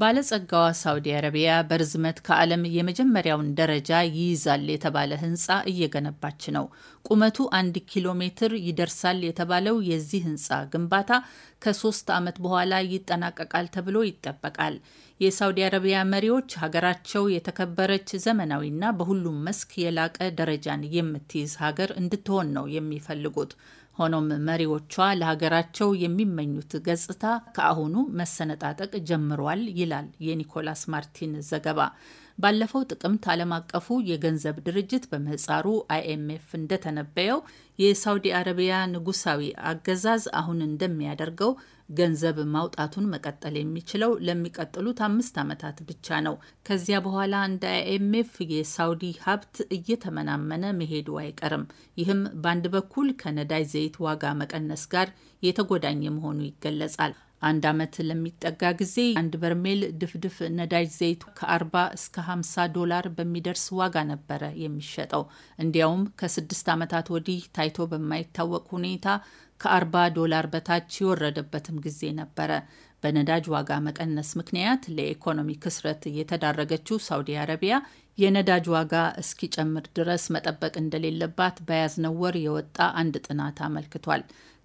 ባለጸጋዋ ሳውዲ አረቢያ በርዝመት ከዓለም የመጀመሪያውን ደረጃ ይይዛል የተባለ ህንፃ እየገነባች ነው። ቁመቱ አንድ ኪሎ ሜትር ይደርሳል የተባለው የዚህ ህንፃ ግንባታ ከሶስት ዓመት በኋላ ይጠናቀቃል ተብሎ ይጠበቃል። የሳውዲ አረቢያ መሪዎች ሀገራቸው የተከበረች ዘመናዊና በሁሉም መስክ የላቀ ደረጃን የምትይዝ ሀገር እንድትሆን ነው የሚፈልጉት። ሆኖም መሪዎቿ ለሀገራቸው የሚመኙት ገጽታ ከአሁኑ መሰነጣጠቅ ጀምሯል ይላል የኒኮላስ ማርቲን ዘገባ። ባለፈው ጥቅምት ዓለም አቀፉ የገንዘብ ድርጅት በምህፃሩ አይኤምኤፍ እንደተነበየው የሳውዲ አረቢያ ንጉሳዊ አገዛዝ አሁን እንደሚያደርገው ገንዘብ ማውጣቱን መቀጠል የሚችለው ለሚቀጥሉት አምስት ዓመታት ብቻ ነው። ከዚያ በኋላ እንደ አይኤምኤፍ የሳውዲ ሀብት እየተመናመነ መሄዱ አይቀርም። ይህም በአንድ በኩል ከነዳጅ ዘይት ዋጋ መቀነስ ጋር የተጎዳኘ መሆኑ ይገለጻል። አንድ ዓመት ለሚጠጋ ጊዜ አንድ በርሜል ድፍድፍ ነዳጅ ዘይቱ ከ40 እስከ 50 ዶላር በሚደርስ ዋጋ ነበረ የሚሸጠው። እንዲያውም ከስድስት ዓመታት ወዲህ ታይቶ በማይታወቅ ሁኔታ ከ40 ዶላር በታች የወረደበትም ጊዜ ነበረ። በነዳጅ ዋጋ መቀነስ ምክንያት ለኢኮኖሚ ክስረት የተዳረገችው ሳውዲ አረቢያ የነዳጅ ዋጋ እስኪጨምር ድረስ መጠበቅ እንደሌለባት በያዝነው ወር የወጣ አንድ ጥናት አመልክቷል።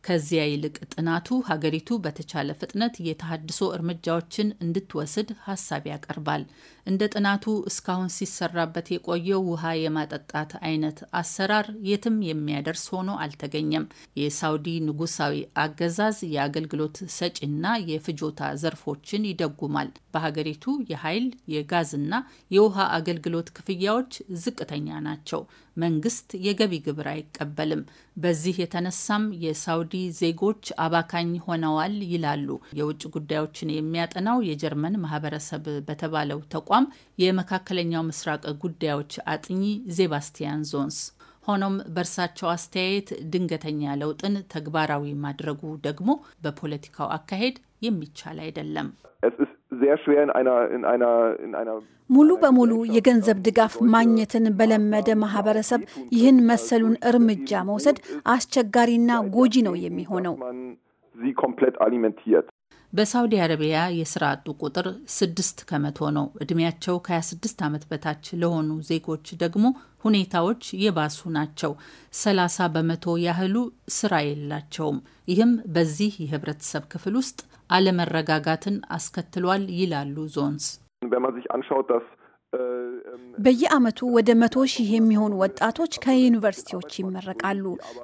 ከዚያ ይልቅ ጥናቱ ሀገሪቱ በተቻለ ፍጥነት የተሃድሶ እርምጃዎችን እንድትወስድ ሀሳብ ያቀርባል። እንደ ጥናቱ እስካሁን ሲሰራበት የቆየው ውሃ የማጠጣት አይነት አሰራር የትም የሚያደርስ ሆኖ አልተገኘም። የሳውዲ ንጉሳዊ አገዛዝ የአገልግሎት ሰጪና የፍጆታ ዘርፎችን ይደጉማል። በሀገሪቱ የኃይል የጋዝና የውሃ አገልግሎት ክፍያዎች ዝቅተኛ ናቸው። መንግስት የገቢ ግብር አይቀበልም። በዚህ የተነሳም የሳውዲ የሳውዲ ዜጎች አባካኝ ሆነዋል ይላሉ። የውጭ ጉዳዮችን የሚያጠናው የጀርመን ማህበረሰብ በተባለው ተቋም የመካከለኛው ምስራቅ ጉዳዮች አጥኚ ዜባስቲያን ዞንስ። ሆኖም በእርሳቸው አስተያየት ድንገተኛ ለውጥን ተግባራዊ ማድረጉ ደግሞ በፖለቲካው አካሄድ የሚቻል አይደለም። sehr schwer in einer, in einer, in einer ሙሉ በሙሉ äh, የገንዘብ ድጋፍ ማግኘትን በለመደ äh, ማህበረሰብ ይህን መሰሉን እርምጃ መውሰድ አስቸጋሪና ጎጂ ነው የሚሆነው። በሳውዲ አረቢያ የስራ አጡ ቁጥር 6 ከመቶ ነው። እድሜያቸው ከ26 ዓመት በታች ለሆኑ ዜጎች ደግሞ ሁኔታዎች የባሱ ናቸው። 30 በመቶ ያህሉ ስራ የላቸውም። ይህም በዚህ የህብረተሰብ ክፍል ውስጥ አለመረጋጋትን አስከትሏል ይላሉ ዞንስ በየዓመቱ ወደ መቶ ሺህ የሚሆኑ ወጣቶች ከዩኒቨርሲቲዎች ይመረቃሉ።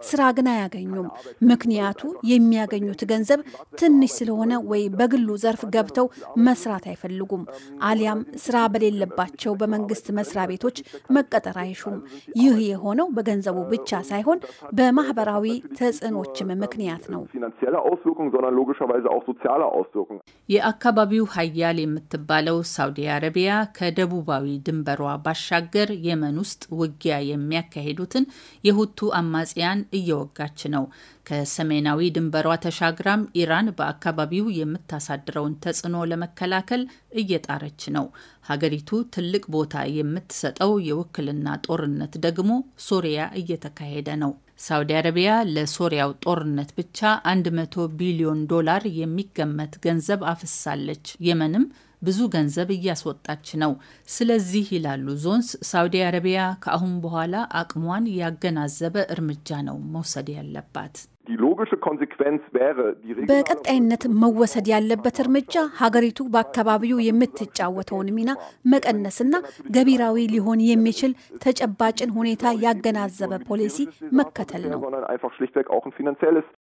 ስራ ግን አያገኙም። ምክንያቱ የሚያገኙት ገንዘብ ትንሽ ስለሆነ ወይ በግሉ ዘርፍ ገብተው መስራት አይፈልጉም፣ አሊያም ስራ በሌለባቸው በመንግስት መስሪያ ቤቶች መቀጠር አይሹም። ይህ የሆነው በገንዘቡ ብቻ ሳይሆን በማህበራዊ ተጽዕኖችም ምክንያት ነው። የአካባቢው ሀያል የምትባለው ሳውዲ አረቢያ ከደቡብ ከምዕራባዊ ድንበሯ ባሻገር የመን ውስጥ ውጊያ የሚያካሂዱትን የሁቱ አማጽያን እየወጋች ነው። ከሰሜናዊ ድንበሯ ተሻግራም ኢራን በአካባቢው የምታሳድረውን ተጽዕኖ ለመከላከል እየጣረች ነው። ሀገሪቱ ትልቅ ቦታ የምትሰጠው የውክልና ጦርነት ደግሞ ሶሪያ እየተካሄደ ነው። ሳውዲ አረቢያ ለሶሪያው ጦርነት ብቻ 100 ቢሊዮን ዶላር የሚገመት ገንዘብ አፍሳለች። የመንም ብዙ ገንዘብ እያስወጣች ነው። ስለዚህ ይላሉ ዞንስ፣ ሳውዲ አረቢያ ከአሁን በኋላ አቅሟን ያገናዘበ እርምጃ ነው መውሰድ ያለባት። በቀጣይነት መወሰድ ያለበት እርምጃ ሀገሪቱ በአካባቢው የምትጫወተውን ሚና መቀነስና ገቢራዊ ሊሆን የሚችል ተጨባጭን ሁኔታ ያገናዘበ ፖሊሲ መከተል ነው።